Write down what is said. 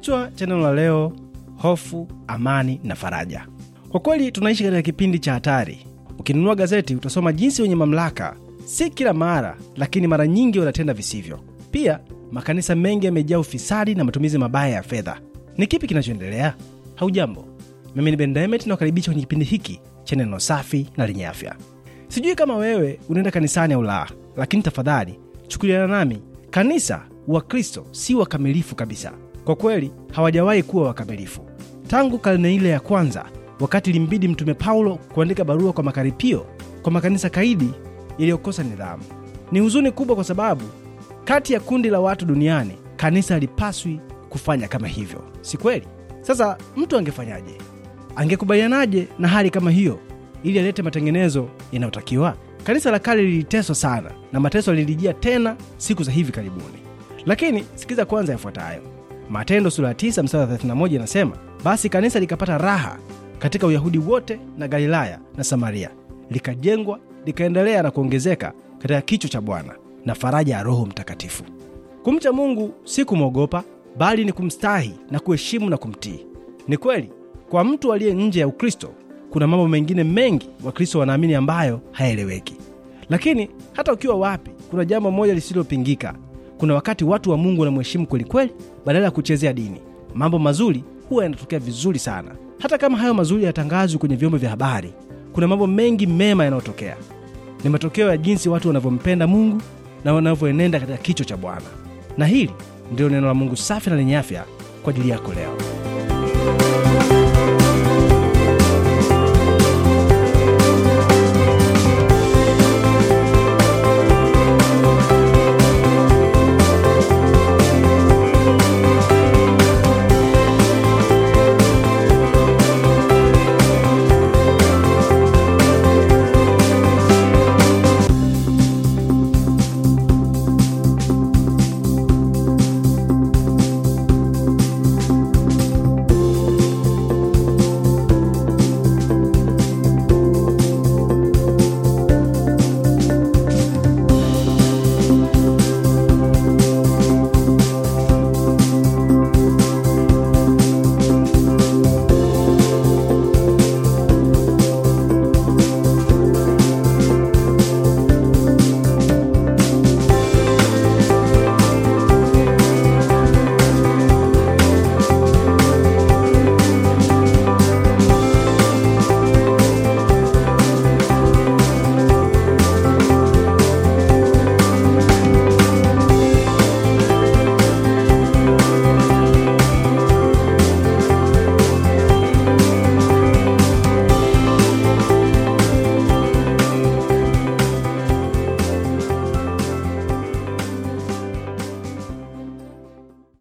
Kichwa cha neno la leo: hofu, amani na faraja. Kwa kweli tunaishi katika kipindi cha hatari. Ukinunua gazeti utasoma jinsi wenye mamlaka, si kila mara, lakini mara nyingi wanatenda visivyo. Pia makanisa mengi yamejaa ufisadi na matumizi mabaya ya fedha. Ni kipi kinachoendelea? Haujambo, mimi ni bendamet nakaribisha kwenye kipindi hiki cha neno safi na lenye afya. Sijui kama wewe unaenda kanisani au la, lakini tafadhali chukuliana nami. Kanisa wa Kristo si wakamilifu kabisa. Kwa kweli hawajawahi kuwa wakamilifu tangu karne ile ya kwanza, wakati limbidi Mtume Paulo kuandika barua kwa Makaripio, kwa makanisa kaidi yaliyokosa nidhamu. Ni huzuni kubwa, kwa sababu kati ya kundi la watu duniani kanisa halipaswi kufanya kama hivyo, si kweli? Sasa mtu angefanyaje? Angekubalianaje na hali kama hiyo ili alete matengenezo yanayotakiwa? Kanisa la kale liliteswa sana na mateso lilijia tena siku za hivi karibuni, lakini sikiza kwanza yafuatayo. Matendo sura ya 9 mstari 31 inasema, basi kanisa likapata raha katika Uyahudi wote na Galilaya na Samaria, likajengwa likaendelea na kuongezeka katika kichwa cha Bwana na faraja ya Roho Mtakatifu. Kumcha Mungu si kumwogopa, bali ni kumstahi na kuheshimu na kumtii. Ni kweli kwa mtu aliye nje ya Ukristo kuna mambo mengine mengi Wakristo wanaamini ambayo hayaeleweki, lakini hata ukiwa wapi, kuna jambo moja lisilopingika kuna wakati watu wa Mungu wanamuheshimu kwelikweli badala ya kuchezea dini. Mambo mazuri huwa yanatokea vizuri sana, hata kama hayo mazuri yatangazwi kwenye vyombo vya habari. Kuna mambo mengi mema yanayotokea, ni matokeo ya jinsi watu wanavyompenda Mungu na wanavyoenenda katika kichwa cha Bwana. Na hili ndilo neno la Mungu safi na lenye afya kwa ajili yako leo.